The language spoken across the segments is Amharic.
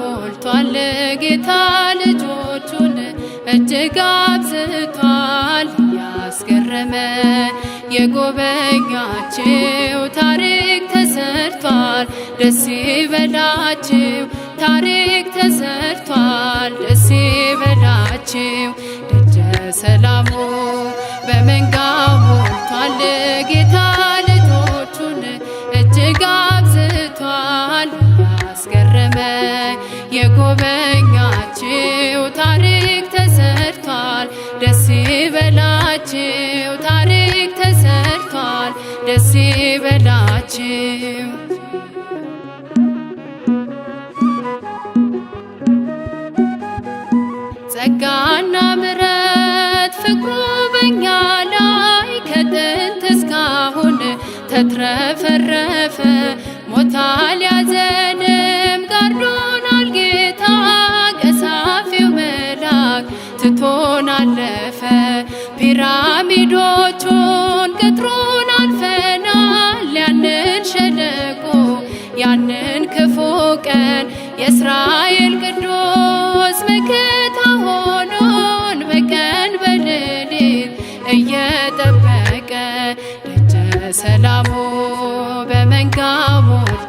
ሞልቷል ጌታ ልጆቹን እጅግ አብዝቷል ያስገረመ የጎበኛችው ታሪክ ተሰርቷል። ደስ ይበላችው ታሪክ ተሰርቷል። ደስ ይበላችው ደጀ ሰላሙ በመንጋው ሞልቷል ጌታ በላችሁ ታሪክ ተሰርቷል፣ ደስ በላችሁ ጸጋና ምረት ፍቅሩ በኛ ላይ ከጥንት እስካሁን ተትረፈረፈ ሞታ ሊያዘን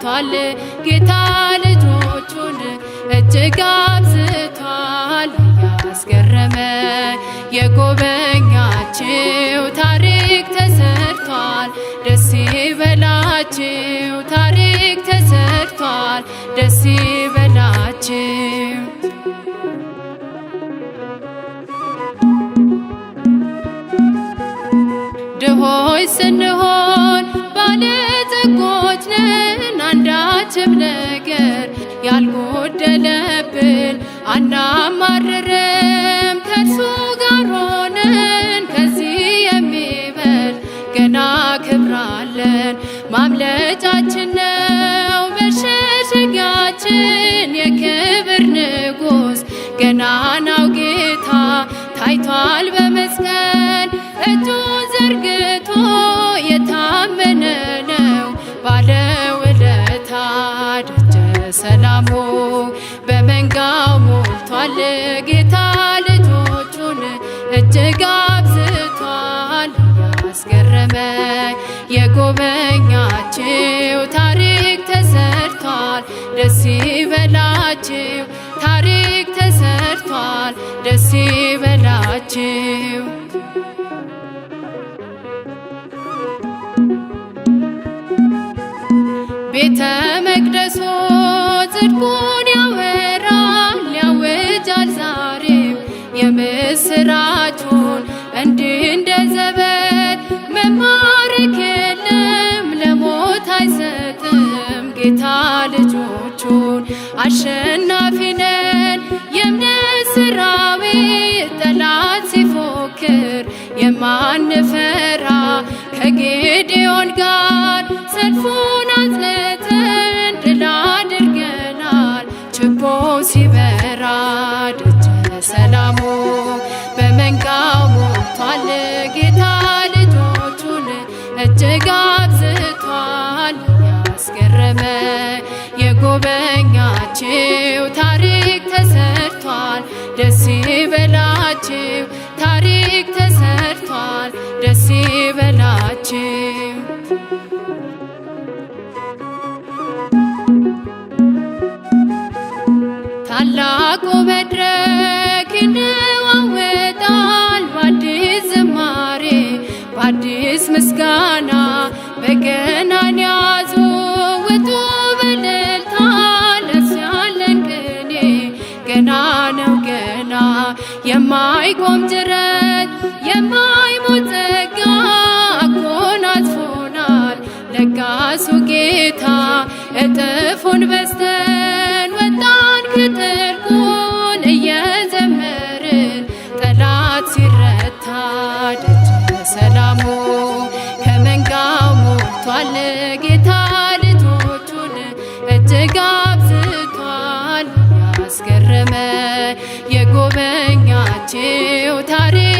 አብዝቷል ጌታ ልጆቹን እጅግ አብዝቷል ያስገረመ የጎበኛችው ታሪክ ተሰርቷል ደስ ይበላችው ታሪክ ተሰርቷል ደስ ይበላችው ድሆይ ስንሆን አንዳችም ነገር ያልጎደለብን አናማርርም ከእርሱ ጋር ሆነን ከዚህ የሚበል ገና ክብራለን ማምለጫችን ነው መሸሸጊያችን አብዝቷል ጌታ ልጆቹን እጅግ አብዝቷል። ያስገረመ የጎበኛችው ታሪክ ተሰርቷል። ደስ ይበላችው ታሪክ ተሰርቷል። ደስ ይበላችው ቤተ መቅደሶ ጽድቁን ጌታ ልጆቹን አሸናፊ ነን። የእምነት ሰራዊት ጠላት ሲፎክር የማንፈራ ከጌዴዎን ጋር ሰልፉን አጽንተን ድል አድርገናል። ችቦ ሲበራ ደጀ ሰላሙ በመንጋው ሞልቷል። ያስገረመ የጎበኛችው ታሪክ ተሰርቷል፣ ደስ በላችው ታሪክ ተሰርቷል፣ ደስ በላችው ታላቁ መድረክ ይነዋወጣል በአዲስ ዝማሬ በአዲስ ምስጋና በገ ገና ነው ገና የማይቆም ጅረት የማይሞት ጸጋ አጎናጽፎናል ለጋሱ ጌታ እጥፉን በስተን ወጣን ከጥልቁን እየዘመርን ጠላት ሲረታ ደጀ ሰላሙ ከመንጋው ሞልቷል የጎበኛችው ታሪክ